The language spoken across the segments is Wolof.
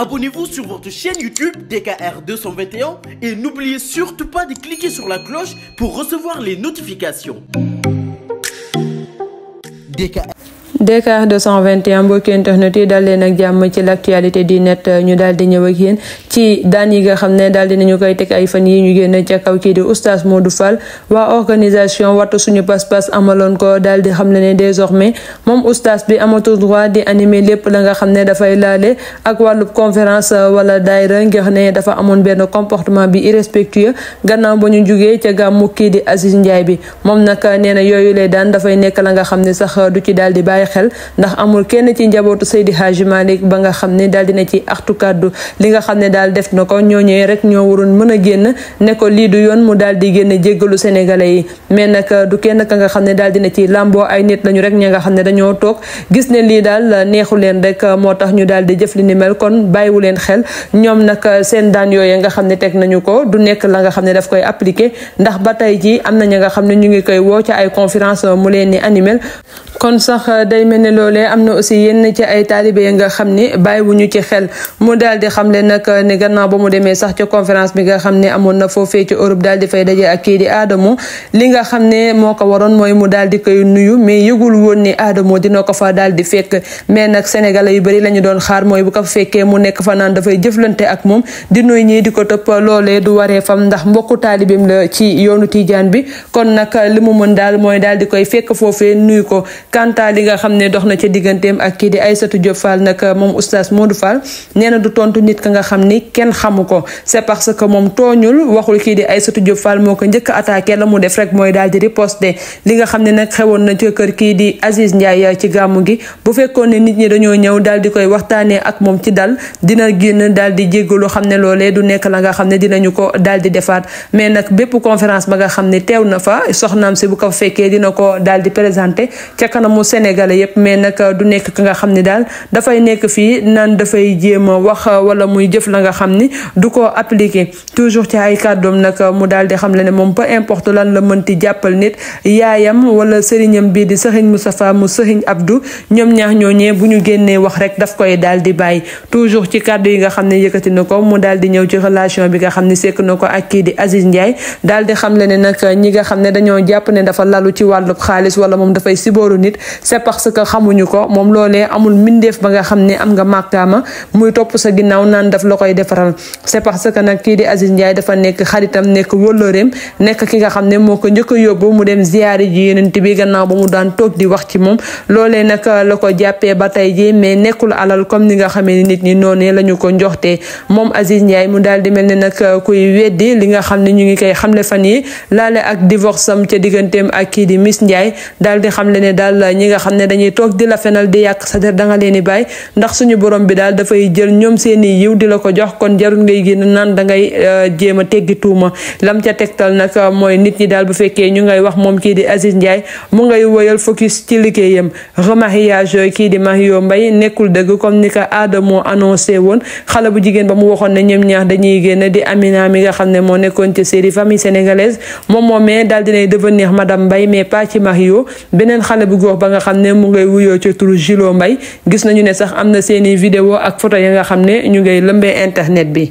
Abonnez-vous sur votre chaîne YouTube DKR 221 et n'oubliez surtout pas de cliquer sur la cloche pour recevoir les notifications. DKR. DKR 221 mbokki internet yi dal leen ak jàmm ci l'actualité di net ñu daal di ñëw ak yéen. ci daan yi nga xam ne daal dinañu koy teg ay fan yi ñu génn ca kaw kii di oustaz Modou Fall waa organisation wattu suñu pas-pas amaloon ko daal di xam ne ne désormais moom oustaz bi amatul droit di animer lépp la nga xam ne dafay laale ak wàllub conférence wala daayra ngir ne dafa amoon benn comportement bi irrespectueux gannaaw ba ñu jugee ca gàmmu kii di Aziz Ndiaye bi moom nag nee na yooyu lay daan dafay nekk la nga xam ne sax du ci daal di bàyyi xel ndax amul kenn ci njabootu Seydi Hadji Malick ba nga xam ne daal dina ci axtu kàddu li nga xam ne daal def na ko ñooñee rek ñoo waroon mën a génn ne ko lii du yoon mu daal di génn jéggalu sénégalais yi mais nag du kenn ka nga xam ne daal dina ci làmboo ay nit lañu rek ne dañoo toog gis ne lii rek moo tax ñu daal di jëf li ni mel kon bàyyiwu leen xel ñoom nag seen daan yooyee nga xam ne teg nañu ko du nekk la nga xam ne daf koy appliqué ndax ba tey ji am na ña xam ne ñu ngi koy woo ci ay conférence mu leen ni animel kon sax day mel ne loolee am na aussi yenn ci ay taalibe yi nga xam ni bàyyiwuñu ci xel mu daal xam le nag ne gannaaw ba mu demee sax ca bi nga xam ne amoon na foofee ci Europe daal di fay daje ak kii di Adamo li nga xam ne moo ko waroon mooy mu daal di koy nuyu mais yëgul woon ne Adamo dina ko fa daal di fekk mais nag sénégalais yu bëri la ñu doon xaar mooy bu ko fekkee mu nekk fa naan dafay jëflante ak moom di nuy ñii di ko topp loolee du waree fam ndax mbokku taalibeem la ci yoonu Tijaan bi kon nag li mu mën daal mooy daal di koy fekk foofee nuyu ko kanta li nga xam ne dox na ca digganteem ak kii di Aïssatou Diop Fall nag moom oustaz Modou Fall nee du tontu ni kenn xamu ko c'est parce que moom tooñul waxul kii di Aïssatou Diop Fall moo ko njëkk attaqué la mu def rek mooy daal di riposte li nga xam ne nag xewoon na ci kër kii di Aziz Ndiaye ci gàmmu gi bu fekkoon ne nit ñi dañoo ñëw daal di koy waxtaanee ak moom ci dal dina génn daal di jéggalu xam ne loolee du nekk la nga xam ne dinañu ko daal di defaat mais nag bépp conférence ba nga xam ne teew na fa soxnaam si bu ko fekkee dina ko daal di présenté ca kanamu sénégalais yépp mais nag du nekk ka nga xam ne daal dafay nekk fii naan dafay a nga xam ni du ko appliqué toujours ci ay kàddoom nag mu daal di xam le ne moom peu importe lan la mënti jàppal nit yaayam wala sëriñam bii di sëriñ Moustapha mu sëriñ Abdou ñoom ñaax ñooñee bu ñu génnee wax rek daf koy daal di bàyyi toujours ci kàddu yi nga xam ne yëkkati na ko mu daal di ñëw ci relation bi nga xam ni sekk na ko ak kii di Aziz Ndiaye daal xam le ne nag ñi nga xam ne dañoo jàpp ne dafa lalu ci wàllub xaalis wala moom dafay sibooru nit c'est parce que xamuñu defaral c'est parce que nag kii di Aziz Ndiaye dafa nekk xaritam nekk wóllëreem nekk ki nga xam ne moo ko njëkk a yóbbu mu dem ziyaari ji yeneen bi gannaaw ba mu daan toog di wax ci moom loolee nag la ko jàppee ba tey ji mais nekkul alal comme ni nga xamee ni nit ñi noonee la ñu ko njoxtee moom Aziz Ndiaye mu daal di mel ne nag kuy weddi li nga xam ne ñu ngi koy xamle fan yi laale ak divorce am ca digganteem ak kii di Miss Ndiaye dal di xamle ne daal ñi nga xam ne dañuy toog di la fenal di yàq sa der da nga leen bàyyi ndax suñu borom bi daal dafay jël ñoom seeni tax kon jarul ngay génn naan da ngay euh, jéem a teggi tuuma lam ca tegtal nag euh, mooy nit ñi daal bu fekkee ñu ngay wax moom kii di Aziz Ndiaye mu ngay woyal focus ci liggéeyam remariage kii di Mario Mbaye nekkul dëgg comme ni ko Adamo annoncé woon xale bu jigéen ba mu waxoon ne ñoom ñaar dañuy génn di Amina mi nga xam ne moo nekkoon ci série famille sénégalaise moom moomee daal dinay devenir madame Mbaye mais pas ci Mario beneen xale bu góor ba nga xam mu ngay wuyoo ci turu Gilo Mbaye internet bi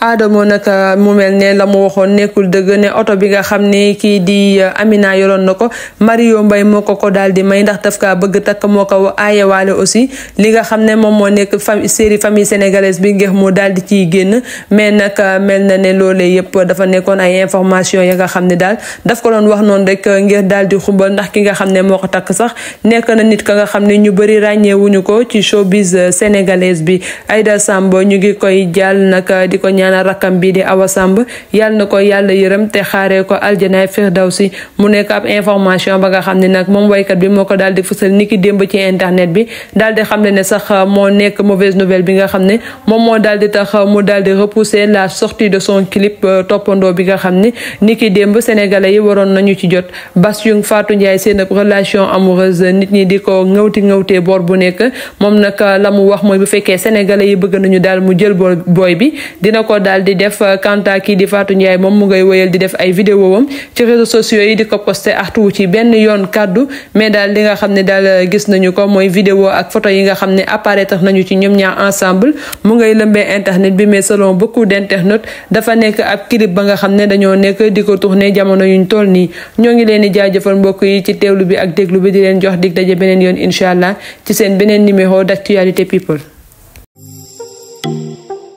Adamo nag euh, mu mel ne la mu waxoon nekkul dëgg ne oto bi nga xam ne kii di euh, Amina yoroon na ko Mario mbay moo ko ko daal di may ndax daf kaa bëgg takk moo ko aayewaale aussi li nga xam ne moom moo nekk fam série famille sénégalaise bi ngeex moo daal di ciy génn mais nag euh, mel na ne loolee yëpp dafa nekkoon ay information ya nga xam ne daal daf ko doon wax noonu rek ngir daal di xumbal ndax xam ne moo ko takk sax nekk na nit ka nga xam ne ñu bëri ràññeewuñu ko ci showbiz sénégalaise bi Aïda Samb ñu ngi koy jàll nag di ko ñaan ñaanal rakkam bii di Awa Samb yàlla na ko yàlla yërëm te xaaree ko aljanaay si mu nekk ab information ba nga xam ne nag moom waykat bi moo ko daal di fësal niki démb ci internet bi daal di xam ne ne sax moo nekk mauvaise nouvelle bi nga xam ne moom moo daal di tax mu daal di repousser la sorti de son clip euh, toppandoo bi nga xam ne niki démb sénégalais yi waroon nañu ci jot Bass faatu Fatou Ndiaye seen relation amoureuse nit ñi di ko ngawti ngawtee boor bu nekk moom nag la mu wax mooy bu fekkee sénégalais yi bëgg nañu daal mu jël booy bi dina ko daal di def euh, kanta kii di faatu Ndiaye moom mu ngay wéyal di def ay vidéo am ci réseaux sociaux yi di ko posté artuwu ci benn yoon kàddu mais daal li nga xam ne daal euh, gis nañu ko mooy vidéo ak photo yi nga xam ne apparaître nañu ci ñoom ñaar ensemble mu ngay lëmbee internet bi mais selon beaucoup d'internautes dafa nekk ab clip ba nga xam ne dañoo nekk di ko ne jamono yuñ toll nii ñoo ngi leen di jaajëfal mbokk yi ci teewlu bi ak déglu bi di leen jox dig daje beneen yoon incha allah ci seen beneen numéro d'actualité people